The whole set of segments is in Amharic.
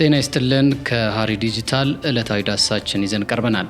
ጤና ይስጥልን። ከሓሪ ዲጂታል ዕለታዊ ዳሳችን ይዘን ቀርበናል።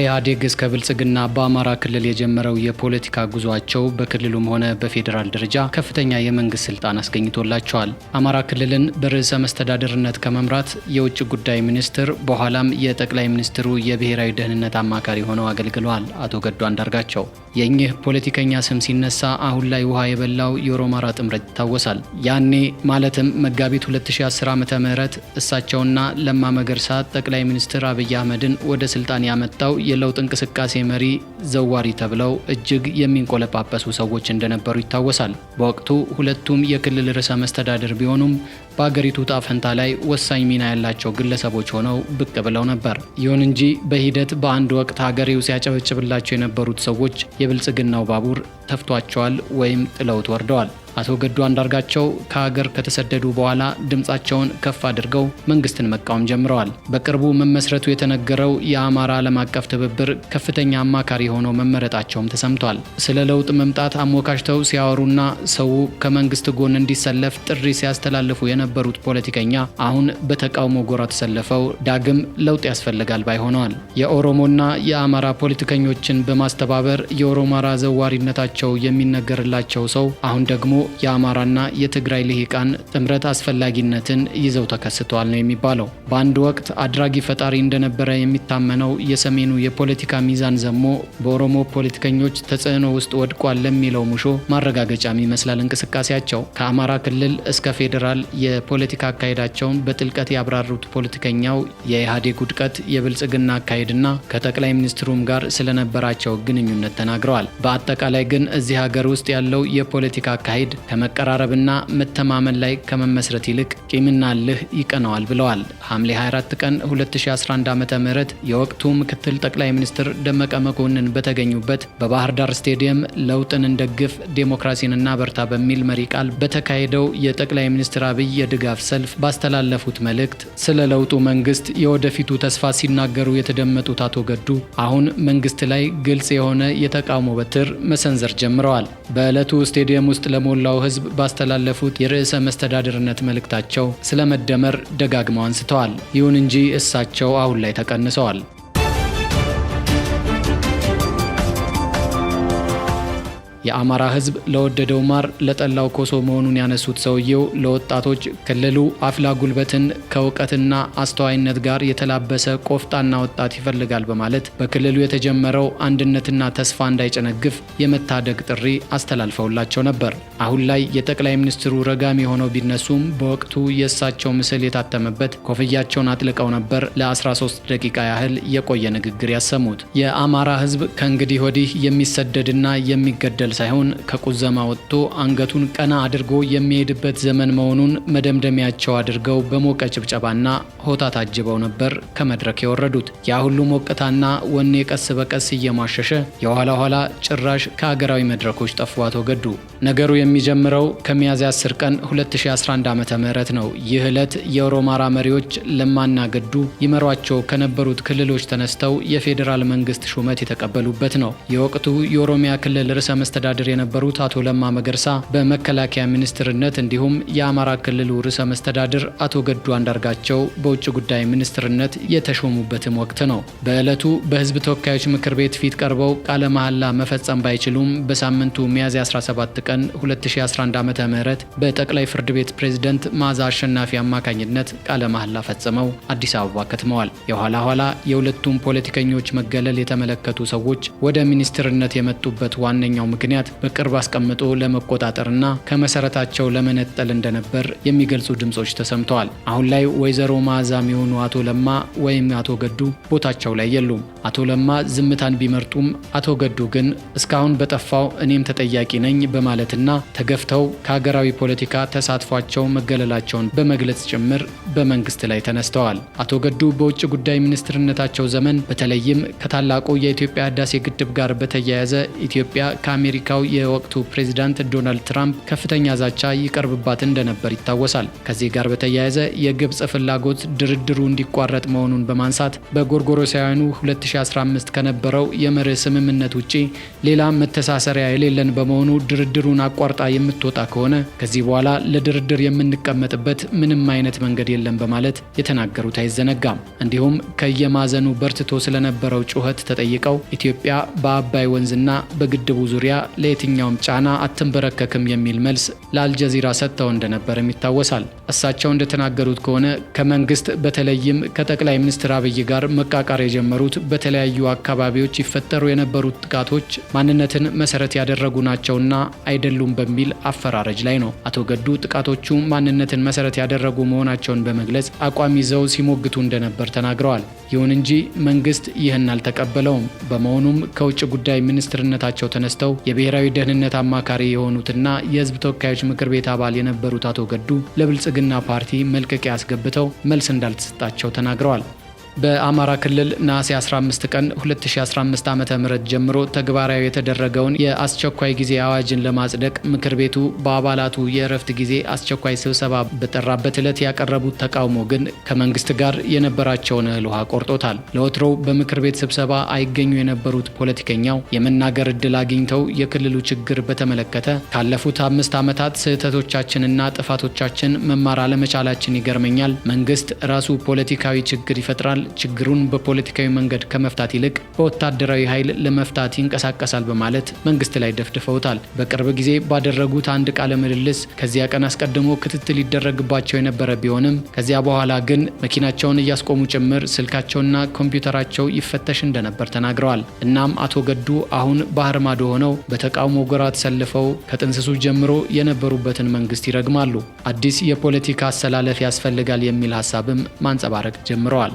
ኢህአዴግ እስከ ብልጽግና በአማራ ክልል የጀመረው የፖለቲካ ጉዟቸው በክልሉም ሆነ በፌዴራል ደረጃ ከፍተኛ የመንግስት ስልጣን አስገኝቶላቸዋል። አማራ ክልልን በርዕሰ መስተዳደርነት ከመምራት የውጭ ጉዳይ ሚኒስትር በኋላም የጠቅላይ ሚኒስትሩ የብሔራዊ ደህንነት አማካሪ ሆነው አገልግለዋል። አቶ ገዱ አንዳርጋቸው የእኚህ ፖለቲከኛ ስም ሲነሳ አሁን ላይ ውሃ የበላው የኦሮማራ ጥምረት ይታወሳል። ያኔ ማለትም መጋቢት 2010 ዓ ም እሳቸውና ለማ መገርሳ ጠቅላይ ሚኒስትር አብይ አህመድን ወደ ስልጣን ያመጣው የለውጥ እንቅስቃሴ መሪ ዘዋሪ ተብለው እጅግ የሚንቆለጳጰሱ ሰዎች እንደነበሩ ይታወሳል። በወቅቱ ሁለቱም የክልል ርዕሰ መስተዳድር ቢሆኑም በአገሪቱ ጣፈንታ ላይ ወሳኝ ሚና ያላቸው ግለሰቦች ሆነው ብቅ ብለው ነበር። ይሁን እንጂ በሂደት በአንድ ወቅት ሀገሬው ሲያጨበጭብላቸው የነበሩት ሰዎች የብልጽግናው ባቡር ተፍቷቸዋል ወይም ጥለውት ወርደዋል። አቶ ገዱ አንዳርጋቸው ከሀገር ከተሰደዱ በኋላ ድምፃቸውን ከፍ አድርገው መንግስትን መቃወም ጀምረዋል። በቅርቡ መመስረቱ የተነገረው የአማራ ዓለም አቀፍ ትብብር ከፍተኛ አማካሪ ሆነው መመረጣቸውም ተሰምቷል። ስለ ለውጥ መምጣት አሞካሽተው ሲያወሩና ሰው ከመንግስት ጎን እንዲሰለፍ ጥሪ ሲያስተላልፉ የነበሩት ፖለቲከኛ አሁን በተቃውሞ ጎራ ተሰልፈው ዳግም ለውጥ ያስፈልጋል ባይ ሆነዋል። የኦሮሞና የአማራ ፖለቲከኞችን በማስተባበር የኦሮማራ ዘዋሪነታቸው የሚነገርላቸው ሰው አሁን ደግሞ የአማራና የትግራይ ልሂቃን ጥምረት አስፈላጊነትን ይዘው ተከስተዋል ነው የሚባለው። በአንድ ወቅት አድራጊ ፈጣሪ እንደነበረ የሚታመነው የሰሜኑ የፖለቲካ ሚዛን ዘሞ በኦሮሞ ፖለቲከኞች ተጽዕኖ ውስጥ ወድቋል ለሚለው ሙሾ ማረጋገጫም ይመስላል እንቅስቃሴያቸው። ከአማራ ክልል እስከ ፌዴራል የፖለቲካ አካሄዳቸውን በጥልቀት ያብራሩት ፖለቲከኛው የኢህአዴግ ውድቀት የብልጽግና አካሄድና ከጠቅላይ ሚኒስትሩም ጋር ስለነበራቸው ግንኙነት ተናግረዋል። በአጠቃላይ ግን እዚህ ሀገር ውስጥ ያለው የፖለቲካ አካሄድ ሲሄድ ከመቀራረብና መተማመን ላይ ከመመስረት ይልቅ ቂምና ልህ ይቀነዋል ብለዋል። ሐምሌ 24 ቀን 2011 ዓ ም የወቅቱ ምክትል ጠቅላይ ሚኒስትር ደመቀ መኮንን በተገኙበት በባህር ዳር ስቴዲየም ለውጥን እንደግፍ ዴሞክራሲን እናበርታ በሚል መሪ ቃል በተካሄደው የጠቅላይ ሚኒስትር አብይ የድጋፍ ሰልፍ ባስተላለፉት መልእክት ስለ ለውጡ መንግስት የወደፊቱ ተስፋ ሲናገሩ የተደመጡት አቶ ገዱ አሁን መንግስት ላይ ግልጽ የሆነ የተቃውሞ በትር መሰንዘር ጀምረዋል። በዕለቱ ስቴዲየም ውስጥ ለሞላ ለመላው ሕዝብ ባስተላለፉት የርዕሰ መስተዳድርነት መልእክታቸው ስለ መደመር ደጋግመው አንስተዋል። ይሁን እንጂ እሳቸው አሁን ላይ ተቀንሰዋል። የአማራ ህዝብ ለወደደው ማር ለጠላው ኮሶ መሆኑን ያነሱት ሰውየው ለወጣቶች ክልሉ አፍላ ጉልበትን ከእውቀትና አስተዋይነት ጋር የተላበሰ ቆፍጣና ወጣት ይፈልጋል በማለት በክልሉ የተጀመረው አንድነትና ተስፋ እንዳይጨነግፍ የመታደግ ጥሪ አስተላልፈውላቸው ነበር። አሁን ላይ የጠቅላይ ሚኒስትሩ ረጋሚ ሆነው ቢነሱም በወቅቱ የእሳቸው ምስል የታተመበት ኮፍያቸውን አጥልቀው ነበር ለ13 ደቂቃ ያህል የቆየ ንግግር ያሰሙት። የአማራ ህዝብ ከእንግዲህ ወዲህ የሚሰደድና የሚገደል መታገል ሳይሆን ከቁዘማ ወጥቶ አንገቱን ቀና አድርጎ የሚሄድበት ዘመን መሆኑን መደምደሚያቸው አድርገው በሞቀ ጭብጨባና ሆታ ታጅበው ነበር ከመድረክ የወረዱት። ያ ሁሉ ሞቅታና ወኔ ቀስ በቀስ እየማሸሸ የኋላ ኋላ ጭራሽ ከሀገራዊ መድረኮች ጠፉ አቶ ገዱ። ነገሩ የሚጀምረው ከሚያዝያ 10 ቀን 2011 ዓ ም ነው። ይህ ዕለት የኦሮማራ መሪዎች ለማና ገዱ ይመሯቸው ከነበሩት ክልሎች ተነስተው የፌዴራል መንግስት ሹመት የተቀበሉበት ነው። የወቅቱ የኦሮሚያ ክልል ርዕሰ አስተዳደር የነበሩት አቶ ለማ መገርሳ በመከላከያ ሚኒስትርነት እንዲሁም የአማራ ክልሉ ርዕሰ መስተዳድር አቶ ገዱ አንዳርጋቸው በውጭ ጉዳይ ሚኒስትርነት የተሾሙበትም ወቅት ነው። በዕለቱ በህዝብ ተወካዮች ምክር ቤት ፊት ቀርበው ቃለ መሐላ መፈጸም ባይችሉም በሳምንቱ ሚያዝያ 17 ቀን 2011 ዓ ም በጠቅላይ ፍርድ ቤት ፕሬዝደንት መዓዛ አሸናፊ አማካኝነት ቃለ መሐላ ፈጽመው አዲስ አበባ ከትመዋል። የኋላ ኋላ የሁለቱም ፖለቲከኞች መገለል የተመለከቱ ሰዎች ወደ ሚኒስትርነት የመጡበት ዋነኛው ምክንያት ምክንያት በቅርብ አስቀምጦ ለመቆጣጠርና ከመሰረታቸው ለመነጠል እንደነበር የሚገልጹ ድምጾች ተሰምተዋል። አሁን ላይ ወይዘሮ መዓዛ የሆኑ አቶ ለማ ወይም አቶ ገዱ ቦታቸው ላይ የሉም። አቶ ለማ ዝምታን ቢመርጡም አቶ ገዱ ግን እስካሁን በጠፋው እኔም ተጠያቂ ነኝ በማለትና ተገፍተው ከሀገራዊ ፖለቲካ ተሳትፏቸው መገለላቸውን በመግለጽ ጭምር በመንግስት ላይ ተነስተዋል። አቶ ገዱ በውጭ ጉዳይ ሚኒስትርነታቸው ዘመን በተለይም ከታላቁ የኢትዮጵያ ህዳሴ ግድብ ጋር በተያያዘ ኢትዮጵያ ከአሜሪካ የአሜሪካው የወቅቱ ፕሬዚዳንት ዶናልድ ትራምፕ ከፍተኛ ዛቻ ይቀርብባት እንደነበር ይታወሳል። ከዚህ ጋር በተያያዘ የግብፅ ፍላጎት ድርድሩ እንዲቋረጥ መሆኑን በማንሳት በጎርጎሮሳውያኑ 2015 ከነበረው የመርህ ስምምነት ውጪ ሌላ መተሳሰሪያ የሌለን በመሆኑ ድርድሩን አቋርጣ የምትወጣ ከሆነ ከዚህ በኋላ ለድርድር የምንቀመጥበት ምንም አይነት መንገድ የለም በማለት የተናገሩት አይዘነጋም። እንዲሁም ከየማዕዘኑ በርትቶ ስለነበረው ጩኸት ተጠይቀው ኢትዮጵያ በአባይ ወንዝና በግድቡ ዙሪያ ለየትኛውም ጫና አትንበረከክም የሚል መልስ ለአልጀዚራ ሰጥተው እንደነበርም ይታወሳል። እሳቸው እንደተናገሩት ከሆነ ከመንግስት በተለይም ከጠቅላይ ሚኒስትር አብይ ጋር መቃቃር የጀመሩት በተለያዩ አካባቢዎች ይፈጠሩ የነበሩት ጥቃቶች ማንነትን መሰረት ያደረጉ ናቸውና አይደሉም በሚል አፈራረጅ ላይ ነው። አቶ ገዱ ጥቃቶቹ ማንነትን መሰረት ያደረጉ መሆናቸውን በመግለጽ አቋም ይዘው ሲሞግቱ እንደነበር ተናግረዋል። ይሁን እንጂ መንግስት ይህን አልተቀበለውም። በመሆኑም ከውጭ ጉዳይ ሚኒስትርነታቸው ተነስተው የቤ የብሔራዊ ደህንነት አማካሪ የሆኑትና የህዝብ ተወካዮች ምክር ቤት አባል የነበሩት አቶ ገዱ ለብልጽግና ፓርቲ መልቀቂያ አስገብተው መልስ እንዳልተሰጣቸው ተናግረዋል። በአማራ ክልል ነሐሴ 15 ቀን 2015 ዓ ም ጀምሮ ተግባራዊ የተደረገውን የአስቸኳይ ጊዜ አዋጅን ለማጽደቅ ምክር ቤቱ በአባላቱ የእረፍት ጊዜ አስቸኳይ ስብሰባ በጠራበት ዕለት ያቀረቡት ተቃውሞ ግን ከመንግስት ጋር የነበራቸውን እህል ውሃ ቆርጦታል። ለወትሮው በምክር ቤት ስብሰባ አይገኙ የነበሩት ፖለቲከኛው የመናገር ዕድል አግኝተው የክልሉ ችግር በተመለከተ ካለፉት አምስት ዓመታት ስህተቶቻችንና ጥፋቶቻችን መማር አለመቻላችን ይገርመኛል። መንግስት ራሱ ፖለቲካዊ ችግር ይፈጥራል ችግሩን በፖለቲካዊ መንገድ ከመፍታት ይልቅ በወታደራዊ ኃይል ለመፍታት ይንቀሳቀሳል በማለት መንግስት ላይ ደፍድፈውታል። በቅርብ ጊዜ ባደረጉት አንድ ቃለ ምልልስ ከዚያ ቀን አስቀድሞ ክትትል ይደረግባቸው የነበረ ቢሆንም ከዚያ በኋላ ግን መኪናቸውን እያስቆሙ ጭምር ስልካቸውና ኮምፒውተራቸው ይፈተሽ እንደነበር ተናግረዋል። እናም አቶ ገዱ አሁን ባህር ማዶ ሆነው በተቃውሞ ጎራ ተሰልፈው ከጥንስሱ ጀምሮ የነበሩበትን መንግስት ይረግማሉ። አዲስ የፖለቲካ አሰላለፍ ያስፈልጋል የሚል ሀሳብም ማንጸባረቅ ጀምረዋል።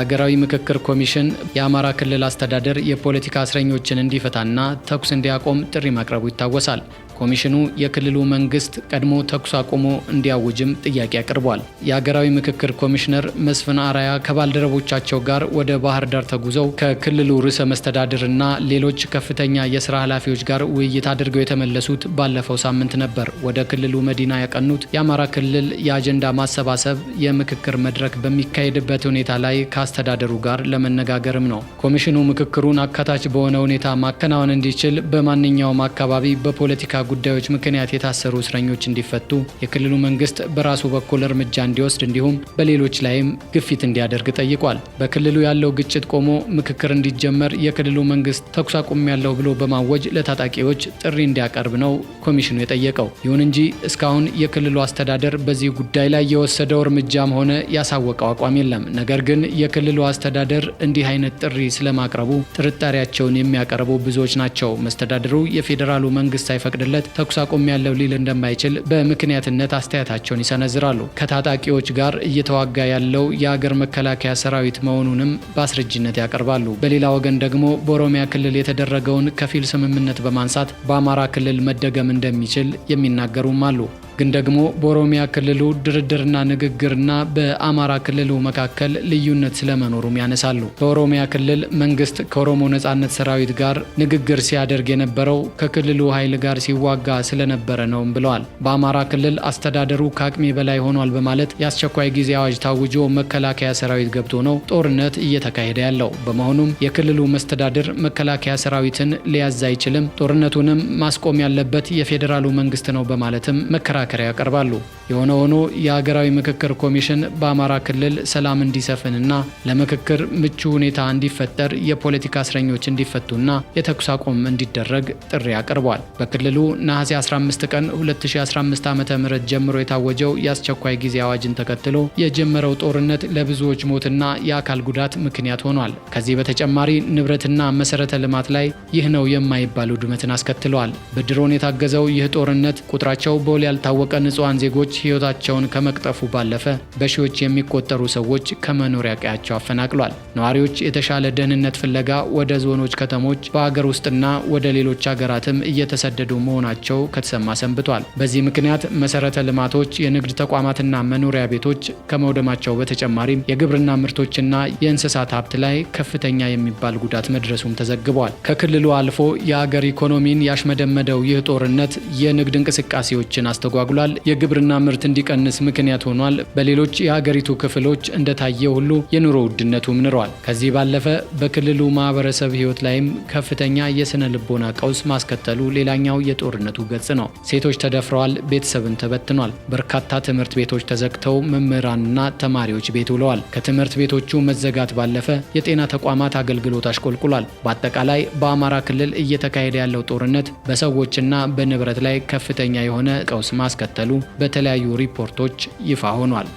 ሀገራዊ ምክክር ኮሚሽን የአማራ ክልል አስተዳደር የፖለቲካ እስረኞችን እንዲፈታና ተኩስ እንዲያቆም ጥሪ ማቅረቡ ይታወሳል። ኮሚሽኑ የክልሉ መንግስት ቀድሞ ተኩስ አቁሞ እንዲያውጅም ጥያቄ አቅርቧል። የሀገራዊ ምክክር ኮሚሽነር መስፍን አራያ ከባልደረቦቻቸው ጋር ወደ ባህር ዳር ተጉዘው ከክልሉ ርዕሰ መስተዳድርና ሌሎች ከፍተኛ የስራ ኃላፊዎች ጋር ውይይት አድርገው የተመለሱት ባለፈው ሳምንት ነበር። ወደ ክልሉ መዲና ያቀኑት የአማራ ክልል የአጀንዳ ማሰባሰብ የምክክር መድረክ በሚካሄድበት ሁኔታ ላይ ከአስተዳደሩ ጋር ለመነጋገርም ነው። ኮሚሽኑ ምክክሩን አካታች በሆነ ሁኔታ ማከናወን እንዲችል በማንኛውም አካባቢ በፖለቲካ ጉዳዮች ምክንያት የታሰሩ እስረኞች እንዲፈቱ የክልሉ መንግስት በራሱ በኩል እርምጃ እንዲወስድ እንዲሁም በሌሎች ላይም ግፊት እንዲያደርግ ጠይቋል። በክልሉ ያለው ግጭት ቆሞ ምክክር እንዲጀመር የክልሉ መንግስት ተኩስ አቁም ያለው ብሎ በማወጅ ለታጣቂዎች ጥሪ እንዲያቀርብ ነው ኮሚሽኑ የጠየቀው። ይሁን እንጂ እስካሁን የክልሉ አስተዳደር በዚህ ጉዳይ ላይ የወሰደው እርምጃም ሆነ ያሳወቀው አቋም የለም። ነገር ግን የክልሉ አስተዳደር እንዲህ አይነት ጥሪ ስለማቅረቡ ጥርጣሬያቸውን የሚያቀርቡ ብዙዎች ናቸው። መስተዳድሩ የፌዴራሉ መንግስት አይፈቅድለት ተፈቅዶለት ተኩስ አቁም ያለው ሊል እንደማይችል በምክንያትነት አስተያየታቸውን ይሰነዝራሉ። ከታጣቂዎች ጋር እየተዋጋ ያለው የአገር መከላከያ ሰራዊት መሆኑንም በአስረጅነት ያቀርባሉ። በሌላ ወገን ደግሞ በኦሮሚያ ክልል የተደረገውን ከፊል ስምምነት በማንሳት በአማራ ክልል መደገም እንደሚችል የሚናገሩም አሉ። ግን ደግሞ በኦሮሚያ ክልሉ ድርድርና ንግግርና በአማራ ክልሉ መካከል ልዩነት ስለመኖሩም ያነሳሉ። በኦሮሚያ ክልል መንግስት ከኦሮሞ ነጻነት ሰራዊት ጋር ንግግር ሲያደርግ የነበረው ከክልሉ ኃይል ጋር ሲዋጋ ስለነበረ ነውም ብለዋል። በአማራ ክልል አስተዳደሩ ከአቅሜ በላይ ሆኗል በማለት የአስቸኳይ ጊዜ አዋጅ ታውጆ መከላከያ ሰራዊት ገብቶ ነው ጦርነት እየተካሄደ ያለው። በመሆኑም የክልሉ መስተዳድር መከላከያ ሰራዊትን ሊያዝ አይችልም፣ ጦርነቱንም ማስቆም ያለበት የፌዴራሉ መንግስት ነው በማለትም መከራ መከራከሪያ ያቀርባሉ። የሆነ ሆኖ የሀገራዊ ምክክር ኮሚሽን በአማራ ክልል ሰላም እንዲሰፍንና ለምክክር ምቹ ሁኔታ እንዲፈጠር የፖለቲካ እስረኞች እንዲፈቱና የተኩስ አቁም እንዲደረግ ጥሪ አቅርቧል። በክልሉ ነሐሴ 15 ቀን 2015 ዓ.ም ጀምሮ የታወጀው የአስቸኳይ ጊዜ አዋጅን ተከትሎ የጀመረው ጦርነት ለብዙዎች ሞትና የአካል ጉዳት ምክንያት ሆኗል። ከዚህ በተጨማሪ ንብረትና መሰረተ ልማት ላይ ይህ ነው የማይባል ውድመትን አስከትለዋል። በድሮን የታገዘው ይህ ጦርነት ቁጥራቸው በውል ያልታወ ያልታወቀ ንጹሐን ዜጎች ሕይወታቸውን ከመቅጠፉ ባለፈ በሺዎች የሚቆጠሩ ሰዎች ከመኖሪያ ቀያቸው አፈናቅሏል። ነዋሪዎች የተሻለ ደህንነት ፍለጋ ወደ ዞኖች፣ ከተሞች፣ በአገር ውስጥና ወደ ሌሎች አገራትም እየተሰደዱ መሆናቸው ከተሰማ ሰንብቷል። በዚህ ምክንያት መሰረተ ልማቶች፣ የንግድ ተቋማትና መኖሪያ ቤቶች ከመውደማቸው በተጨማሪም የግብርና ምርቶችና የእንስሳት ሀብት ላይ ከፍተኛ የሚባል ጉዳት መድረሱም ተዘግቧል። ከክልሉ አልፎ የአገር ኢኮኖሚን ያሽመደመደው ይህ ጦርነት የንግድ እንቅስቃሴዎችን አስተጓጉ መስተጓጉሏል የግብርና ምርት እንዲቀንስ ምክንያት ሆኗል። በሌሎች የሀገሪቱ ክፍሎች እንደታየ ሁሉ የኑሮ ውድነቱም ንሯል። ከዚህ ባለፈ በክልሉ ማህበረሰብ ህይወት ላይም ከፍተኛ የስነ ልቦና ቀውስ ማስከተሉ ሌላኛው የጦርነቱ ገጽ ነው። ሴቶች ተደፍረዋል፣ ቤተሰብን ተበትኗል። በርካታ ትምህርት ቤቶች ተዘግተው መምህራንና ተማሪዎች ቤት ውለዋል። ከትምህርት ቤቶቹ መዘጋት ባለፈ የጤና ተቋማት አገልግሎት አሽቆልቁሏል። በአጠቃላይ በአማራ ክልል እየተካሄደ ያለው ጦርነት በሰዎችና በንብረት ላይ ከፍተኛ የሆነ ቀውስ ማስ ማስከተሉ በተለያዩ ሪፖርቶች ይፋ ሆኗል።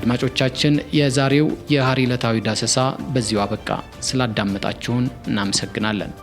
አድማጮቻችን፣ የዛሬው የሐሪ ዕለታዊ ዳሰሳ በዚሁ አበቃ። ስላዳመጣችሁን እናመሰግናለን።